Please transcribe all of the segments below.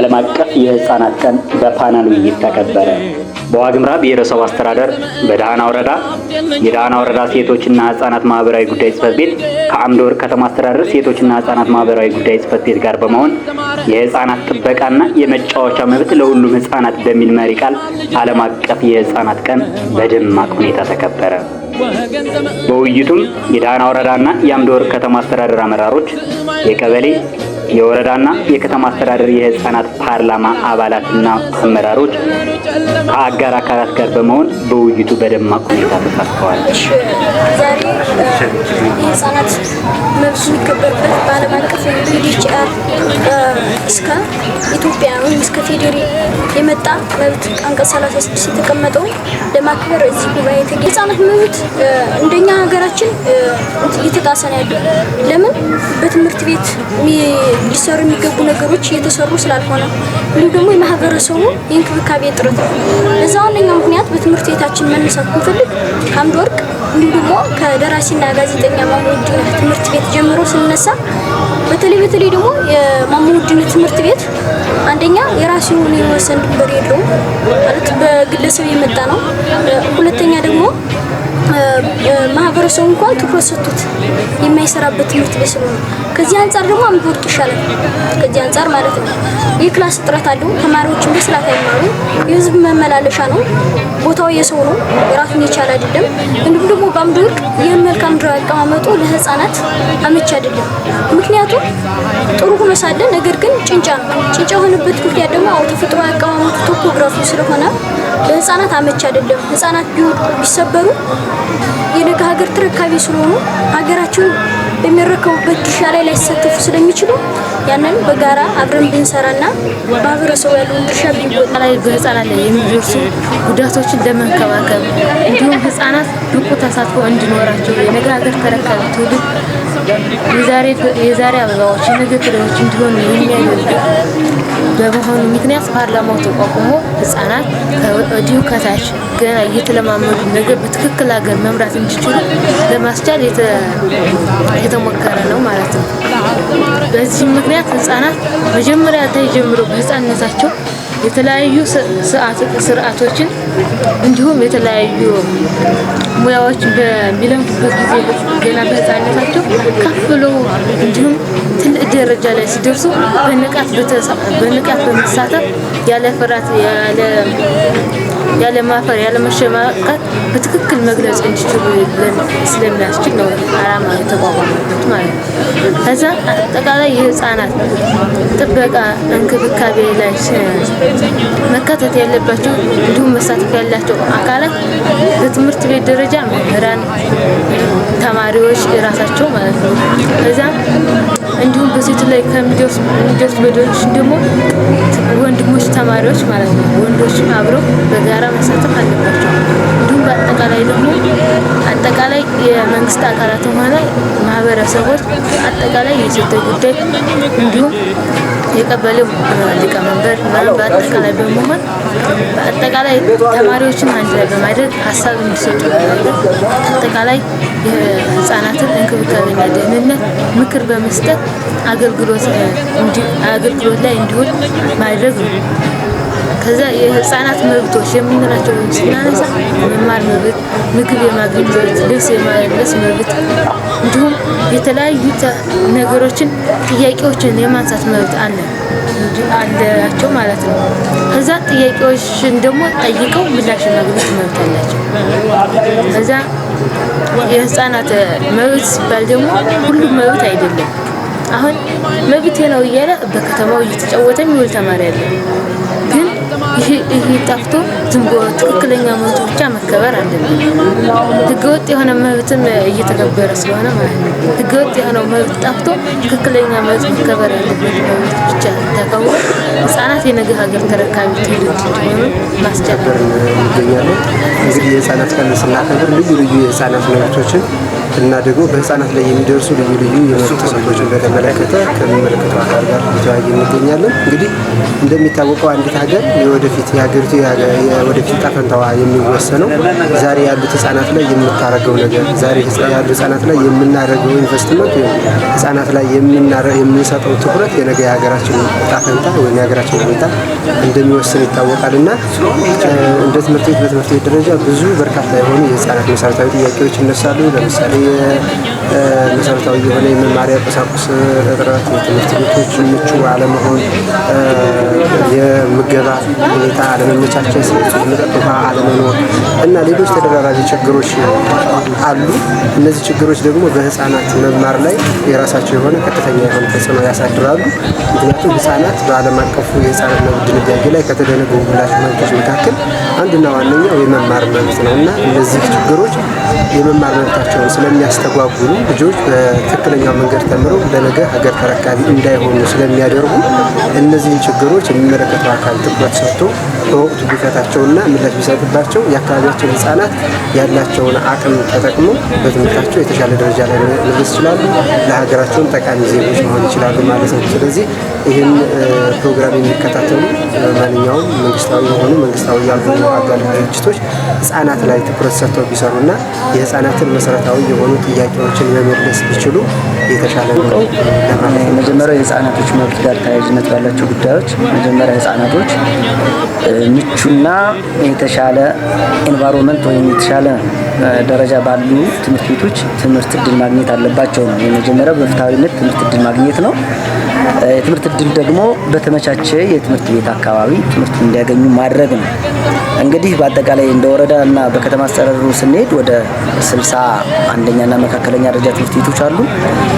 ዓለም አቀፍ የህፃናት ቀን በፓናል ውይይት ተከበረ። በዋግምራ ብሔረሰብ አስተዳደር በዳህና ወረዳ የዳህና ወረዳ ሴቶችና ህፃናት ማህበራዊ ጉዳይ ጽፈት ቤት ከአምድ ወርቅ ከተማ አስተዳደር ሴቶችና ህፃናት ማህበራዊ ጉዳይ ጽፈት ቤት ጋር በመሆን የህፃናት ጥበቃና የመጫወቻ መብት ለሁሉም ህፃናት በሚል መሪ ቃል ዓለም አቀፍ የህፃናት ቀን በደማቅ ሁኔታ ተከበረ። በውይይቱም የዳህና ወረዳና የአምድ ወርቅ ከተማ አስተዳደር አመራሮች፣ የቀበሌ የወረዳና የከተማ አስተዳደር የህፃናት ፓርላማ አባላትና አመራሮች ከአጋር አካላት ጋር በመሆን በውይይቱ በደማቅ ሁኔታ ተሳትፈዋል። ዛሬ መብት በዓለም አቀፍ እስከ ኢትዮጵያ ወይም እስከ የመጣ መብት አንቀጽ 36 የተቀመጠው ለማክበር እዚህ ጉባኤ መብት እንደኛ ሀገራችን እየተጣሰ ነው ያለው። ለምን በትምህርት ቤት ሊሰሩ የሚገቡ ነገሮች እየተሰሩ ስላልሆነ እንዲሁም ደግሞ የማህበረሰቡ የእንክብካቤ ጥረት ነው። እዛ ዋነኛው ምክንያት በትምህርት ቤታችን መነሳት ብንፈልግ ከአምድ ወርቅ እንዲሁም ደግሞ ከደራሲና ጋዜጠኛ ማሙድነት ትምህርት ቤት ጀምሮ ስንነሳ በተለይ በተለይ ደግሞ የማሙድነት ትምህርት ቤት አንደኛ የራሱ የሆነ የወሰን ድንበር የለውም ማለት በግለሰብ የመጣ ነው። ሁለተኛ ሰው እንኳን ትኩረት ሰጥቶት የማይሰራበት ትምህርት ቤት ስለሆነ ከዚህ አንጻር ደግሞ አንብወርቅ ይሻላል። ከዚህ አንጻር ማለት ነው የክላስ እጥረት አለው። ተማሪዎችን በስላት አይማሩ። የህዝብ መመላለሻ ነው። ቦታው የሰው ነው፣ ራሱን የቻለ አይደለም። እንዲሁም ደግሞ በአምድ ወርቅ ይህን መልካም ድር አቀማመጡ ለህፃናት አመቺ አይደለም። ምክንያቱም ጥሩ ሆኖ ሳለ ነገር ግን ጭንጫ ነው። ጭንጫ የሆነበት ምክንያት ደግሞ አው ተፈጥሮ አቀማመጡ ቶፖግራፊ ስለሆነ ለህፃናት አመቺ አይደለም። ህፃናት ቢወድቁ ቢሰበሩ የነገ ሀገር ተረካቢ ስለሆኑ ሀገራቸውን በሚረከቡበት ድርሻ ላይ ላይሳተፉ ስለሚችሉ ያንን በጋራ አብረን ብንሰራና ማህበረሰቡ ያለውን ድርሻ ቢወጣ ላይ በህፃናት ላይ የሚደርሱ ጉዳቶችን ለመንከባከብ እንዲሁም ህፃናት ብቁ ተሳትፎ እንዲኖራቸው የነገ ሀገር ተረካቢ ትውልድ የዛሬ አበባዎች የነገ ፍሬዎች እንዲሆኑ የሚያ በመሆኑ ምክንያት ፓርላማው ተቋቁሞ ህጻናት ከወዲሁ ከታች ገና እየተለማመዱ ነገር በትክክል ሀገር መምራት እንዲችሉ ለማስቻል የተሞከረ ነው ማለት ነው። በዚህም ምክንያት ህጻናት መጀመሪያ ተጀምሮ በህፃንነታቸው የተለያዩ ስርዓቶችን እንዲሁም የተለያዩ ሙያዎች በሚለምዱበት ጊዜ ገና በህፃነታቸው ከፍሎ እንዲሁም ትልቅ ደረጃ ላይ ሲደርሱ በንቃት በንቃት በመሳተፍ ያለ ፍርሃት ያለ ያለ ማፈር ያለ በትክክል መግለጽ እንዲችሉ ስለሚያስችል ነው አላማ የተቋቋመበት ማለት ነው። ከዛ አጠቃላይ የህፃናት ጥበቃ እንክብካቤ ላይ መካተት ያለባቸው እንዲሁም መሳተፍ ያላቸው አካላት በትምህርት ቤት ደረጃ መምህራን፣ ተማሪዎች የራሳቸው ማለት ነው። ከዛ እንዲሁም በሴቱ ላይ ከሚደርስ በደሎች ደግሞ ተማሪዎች ማለት ነው ወንዶችም አብረው በጋራ መሳተፍ አለባቸው። እንዲሁም በአጠቃላይ ደግሞ አጠቃላይ የመንግስት አካላት ሆነ ማህበረሰቦች አጠቃላይ የሴቶች ጉዳይ እንዲሁም የቀበሌው ሊቀመንበር በአጠቃላይ በመሆን በአጠቃላይ ተማሪዎችን አንድ ላይ በማድረግ ሀሳብ እንዲሰጡ አጠቃላይ የህፃናትን እንክብካቤና ደህንነት ምክር በመስጠት አገልግሎት ላይ እንዲውል ማድረግ ነው። ከዛ የህፃናት መብቶች የምንላቸው ስናነሳ መማር መብት፣ ምግብ የማግኘት ልብስ የማለበስ መብት እንዲሁም የተለያዩ ነገሮችን ጥያቄዎችን የማንሳት መብት አለ አላቸው ማለት ነው። ከዛ ጥያቄዎችን ደግሞ ጠይቀው ምላሽ ማግኘት መብት አላቸው። ከዛ የህፃናት መብት ሲባል ደግሞ ሁሉም መብት አይደለም። አሁን መብቴ ነው እያለ በከተማው እየተጫወተ የሚውል ተማሪ አለ። ይሄ ጠፍቶ ዝም ትክክለኛ መብቱ ብቻ መከበር አለበት። ህገወጥ የሆነ መብትም እየተከበረ ስለሆነ ማለት ነው። ህገወጥ የሆነው መብት ጠፍቶ ትክክለኛ መብት መከበር ያለበት መብት ብቻ ተከብሮ ህጻናት የነገ ሀገር ተረካቢ ትውልድ እንዲሆኑ ማስቻል እንገኛለን። እንግዲህ የህጻናት ቀን ስናከብር ልዩ ልዩ የህጻናት መብቶችን እና ደግሞ በህፃናት ላይ የሚደርሱ ልዩ ልዩ የመብት ጥሰቶችን በተመለከተ ከሚመለከተው አካል ጋር እየተወያየ እንገኛለን። እንግዲህ እንደሚታወቀው አንዲት ሀገር የወደፊት የሀገሪቱ የወደፊት ዕጣ ፈንታዋ የሚወሰነው ዛሬ ያሉት ህፃናት ላይ የምታረገው ነገር፣ ዛሬ ያሉ ህፃናት ላይ የምናደርገው ኢንቨስትመንት ወይም ህፃናት ላይ የምንሰጠው ትኩረት የነገ የሀገራችን ዕጣ ፈንታ ወይም የሀገራችን ሁኔታ እንደሚወስን ይታወቃል እና እንደ ትምህርት ቤት በትምህርት ቤት ደረጃ ብዙ በርካታ የሆኑ የህፃናት መሰረታዊ ጥያቄዎች ይነሳሉ። ለምሳሌ Yeah. መሰረታዊ የሆነ የመማሪያ ቁሳቁስ እጥረት፣ የትምህርት ቤቶች ምቹ አለመሆን፣ የምገባ ሁኔታ አለመመቻቸት፣ መጠጥ አለመኖር እና ሌሎች ተደራራቢ ችግሮች አሉ። እነዚህ ችግሮች ደግሞ በህፃናት መማር ላይ የራሳቸው የሆነ ቀጥተኛ የሆነ ተጽዕኖ ያሳድራሉ። ምክንያቱም ህፃናት በዓለም አቀፉ የህፃናት መብት ድንጋጌ ላይ ከተደነገጉላቸው መብቶች መካከል አንዱና ዋነኛው የመማር መብት ነው እና እነዚህ ችግሮች የመማር መብታቸውን ስለሚያስተጓጉሉ ልጆች ትክክለኛ መንገድ ተምረው ለነገ ሀገር ተረካቢ እንዳይሆኑ ስለሚያደርጉ እነዚህን ችግሮች የሚመለከተው አካል ትኩረት ሰጥቶ በወቅቱ ቢፈታቸውና ምላሽ ቢሰጥባቸው የአካባቢያቸው ህጻናት ያላቸውን አቅም ተጠቅመው በትምህርታቸው የተሻለ ደረጃ ላይ መድረስ ይችላሉ። ለሀገራቸውን ጠቃሚ ዜጎች መሆን ይችላሉ ማለት ነው። ስለዚህ ይህን ፕሮግራም የሚከታተሉ ማንኛውም መንግስታዊ የሆኑ መንግስታዊ ያልሆኑ አጋር ድርጅቶች ህጻናት ላይ ትኩረት ሰጥተው ቢሰሩና የህጻናትን መሰረታዊ የሆኑ ጥያቄዎችን መመለስ ቢችሉ የተሻለ ነው። መጀመሪያ የህጻናቶች መብት ጋር ተያያዥነት ባላቸው ጉዳዮች መጀመሪያ ህጻናቶች ምቹና የተሻለ ኤንቫይሮንመንት ወይም የተሻለ ደረጃ ባሉ ትምህርት ቤቶች ትምህርት እድል ማግኘት አለባቸው ነው። የመጀመሪያው በፍትሐዊነት ትምህርት እድል ማግኘት ነው። የትምህርት እድል ደግሞ በተመቻቸ የትምህርት ቤት አካባቢ ትምህርት እንዲያገኙ ማድረግ ነው። እንግዲህ በአጠቃላይ እንደ ወረዳ እና በከተማ አስተዳደሩ ስንሄድ ወደ ስልሳ አንደኛና መካከለኛ ደረጃ ትምህርት ቤቶች አሉ።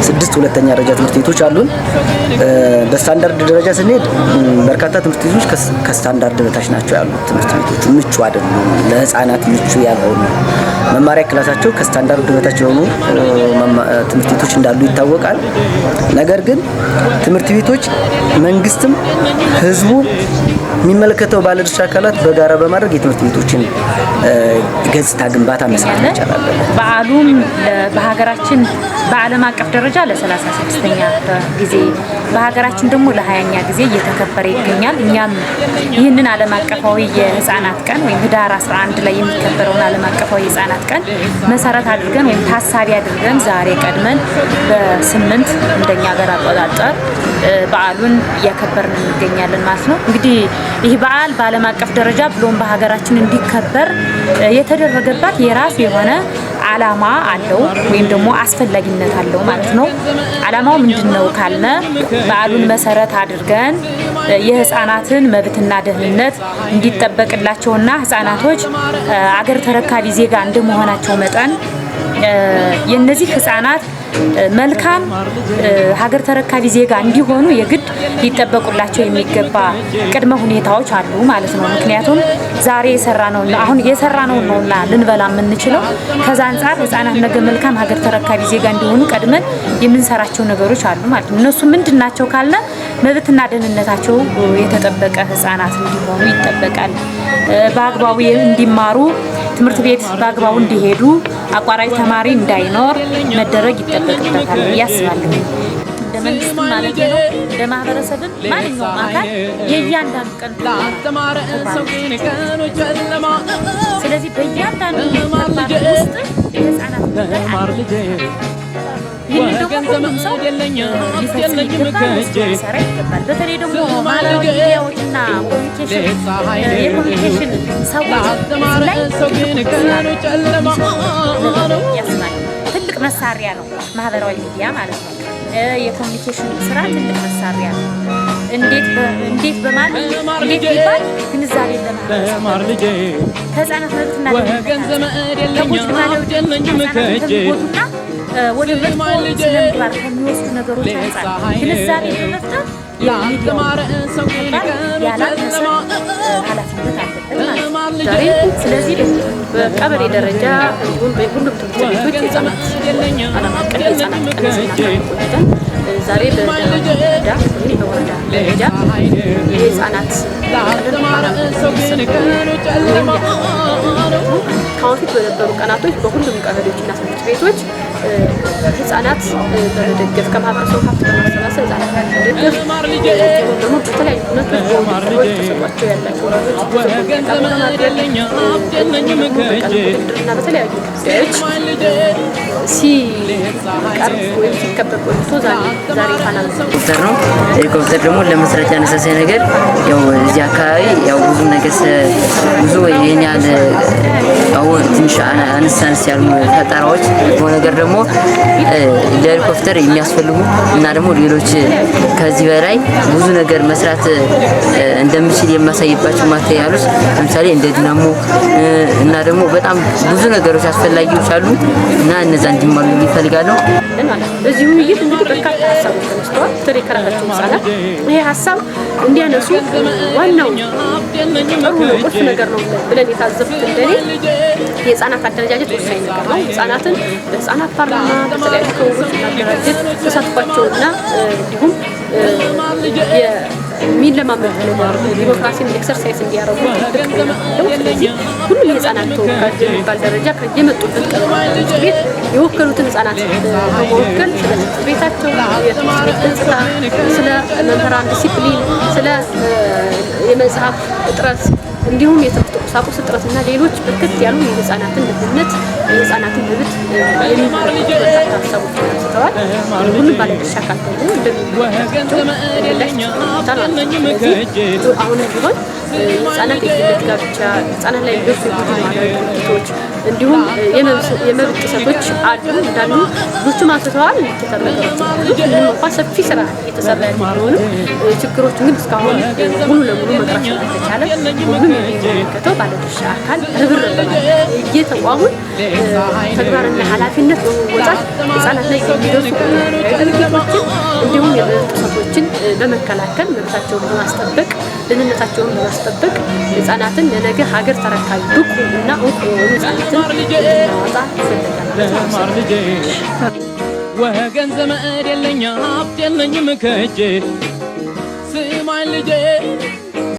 ስድስት ሁለተኛ ደረጃ ትምህርት ቤቶች አሉን። በስታንዳርድ ደረጃ ስንሄድ በርካታ ትምህርት ቤቶች ከስታንዳርድ በታች ናቸው ያሉ ትምህርት ቤቶች ምቹ አይደሉም፣ ለህፃናት ምቹ ያልሆኑ መማሪያ ክላሳቸው ከስታንዳርድ በታች የሆኑ ትምህርት ቤቶች እንዳሉ ይታወቃል። ነገር ግን ትምህርት ቤቶች መንግስትም ህዝቡ የሚመለከተው ባለድርሻ አካላት በጋራ በማድረግ የትምህርት ቤቶችን ገጽታ ግንባታ መስራት ይቻላል። በዓሉም በሀገራችን በዓለም አቀፍ ደረጃ ለ36ኛ ጊዜ በሀገራችን ደግሞ ለ20ኛ ጊዜ እየተከበረ ይገኛል። እኛም ይህንን ዓለም አቀፋዊ የህፃናት ቀን ወይም ህዳር 11 ላይ የሚከበረውን ዓለም አቀፋዊ የህፃናት ቀን መሰረት አድርገን ወይም ታሳቢ አድርገን ዛሬ ቀድመን በስምንት እንደኛ ሀገር አቆጣጠር በዓሉን እያከበርን እንገኛለን ማለት ነው እንግዲህ ይህ በዓል በዓለም አቀፍ ደረጃ ብሎም በሀገራችን እንዲከበር የተደረገባት የራሱ የሆነ ዓላማ አለው ወይም ደግሞ አስፈላጊነት አለው ማለት ነው። ዓላማው ምንድን ነው ካልነ በዓሉን መሰረት አድርገን የህፃናትን መብትና ደህንነት እንዲጠበቅላቸውና ህፃናቶች አገር ተረካቢ ዜጋ እንደመሆናቸው መጠን የእነዚህ ህጻናት መልካም ሀገር ተረካቢ ዜጋ እንዲሆኑ የግድ ሊጠበቁላቸው የሚገባ ቅድመ ሁኔታዎች አሉ ማለት ነው። ምክንያቱም ዛሬ የሰራ ነው አሁን የሰራ ነው ነውና ልንበላ የምንችለው ከዛ አንጻር ህጻናት ነገ መልካም ሀገር ተረካቢ ዜጋ እንዲሆኑ ቀድመን የምንሰራቸው ነገሮች አሉ ማለት ነው። እነሱ ምንድን ናቸው ካለ መብትና ደህንነታቸው የተጠበቀ ህጻናት እንዲሆኑ ይጠበቃል። በአግባቡ እንዲማሩ ትምህርት ቤት በአግባቡ እንዲሄዱ አቋራጭ ተማሪ እንዳይኖር መደረግ ይጠበቅበታል ብዬ እንደ ማለት ነው፣ እንደ ማህበረሰብም ማንኛውም አካል የእያንዳንዱ ቀን ስለዚህ በእያንዳንዱ ውስጥ የህፃናት ይህንን ደግሞ ሁሉም ሰው ሊሰራ ይገባል። በተለይ ደግሞ ማህበራዊ ሚዲያዎች እና የኮሚኒኬሽን ሰዎች ላይ ትልቅ መሳሪያ ነው ማህበራዊ ሚዲያ ማለት ነው። የኮሚኒኬሽን ስራ ትልቅ መሳሪያ ነው። እንዴት በማለት እንዴት ይባል ግንዛቤ ለማለት ከህፃናት መብትና ከጎጅ ማለ ከጎቱና ወደ መጥፎ ስነ ምግባር ከሚወስዱ ነገሮች አንጻር ግንዛቤ በመፍጠር የሚዲያውን ያላነሰ ኃላፊነት አለበት ስለዚህ በቀበሌ ደረጃ ሁሉም ትምህርት ቤቶች የህጻናት ዓለም አቀፍ የህጻናት ቀን ዛሬ በወረዳ እንግዲህ በወረዳ ደረጃ የህፃናት ከአሁን ፊት በነበሩ ቀናቶች በሁሉም ቀበሌዎችና ትምህርት ቤቶች ህጻናት በመደገፍ ከማህበረሰቡ ሀብት በማሰባሰብ ህጻናት በመደገፍ ደግሞ በተለያዩ ሁነቶች በውድድሮች ተሰጧቸው ያላቸው ወላጆችና በተለያዩ ጉዳዮች ሲቀርብ ወይም ሲከበብ ቆይቶ ዛሬ ሄሊኮፕተር ነው። ሄሊኮፕተር ደግሞ ለመስራት ያነሳሳይ ነገር ያው እዚህ አካባቢ ያው ብዙ ነገር ብዙ ይህን ያህል አሁን ትንሽ አነስ አነስ ያሉ ፈጠራዎች ነገር ደግሞ ለሄሊኮፕተር የሚያስፈልጉ እና ደግሞ ሌሎች ከዚህ በላይ ብዙ ነገር መስራት እንደምችል የማሳይባቸው ማቴሪያሎች ለምሳሌ እንደ ዲናሞ እና ደግሞ በጣም ብዙ ነገሮች አስፈላጊዎች አሉ እና እነዛ እንዲማሉ ይፈልጋለሁ። በዚህ ውይይት እንግዲህ በርካታ ሀሳቡ ተነስተዋል። ይሄ ሀሳብ እንዲያነሱ ዋናው ጥሩ ነው፣ ቁልፍ ነገር ነው ብለን የታዘቡት እንደኔ የህፃናት አደረጃጀት ወሳኝ ነገር ነው። ህጻናትን በህጻናት ፓርላማ በተለያዩ ተሳትፏቸውና እንዲሁም የሚለማመዱ እንዲያደርጉ ዲሞክራሲን ኤክሰርሳይዝ እንዲያደርጉ ሁሉም የህፃናት ተወካዮች የሚባል ደረጃ የመጡበት ትምህርት ቤት የወከሉትን ህፃናት በመወከል ስለ ትምህርት ቤታቸው የትምህርት ቤት ገጽታ፣ ስለ መምህራን ዲሲፕሊን፣ ስለ የመጽሐፍ እጥረት እንዲሁም የትምህርት የቁሳቁስ እጥረትና ሌሎች በርከት ያሉ የህፃናትን ደህንነት የህፃናትን መብት የሚመለከቱ አንስተዋል። ሁሉም ባለድርሻ አካል ደግሞ እንደሚመለከታቸው አሁንም ቢሆን ህጻናት የግለት ጋብቻ ህጻናት ላይ የሚደርሱ የቡድን ድርጊቶች እንዲሁም የመብት ጥሰቶች አሉ እንዳሉ ብዙዎቹም አንስተዋል። ምንም እንኳ ሰፊ ስራ የተሰራ ያለ ቢሆንም ችግሮች ግን እስካሁን ሙሉ ለሙሉ መቅረፍ ስላልተቻለ ሁሉም የሚመለከተው ባለድርሻ አካል ርብርብ በማድረግ ተግባርና ኃላፊነት በመወጣት ህጻናት ላይ የሚደርሱ ድርጊቶችን እንዲሁም የመብት በመከላከል መብታቸውን በማስጠበቅ ደህንነታቸውን በማስጠበቅ ህጻናትን ለነገ ሀገር ተረካቢ ብቁ እና እውቅ የሆኑ ህጻናትን እናወጣ ይፈልጋል። ወገን ዘመድ የለኝ ሀብት የለኝም ከእጄ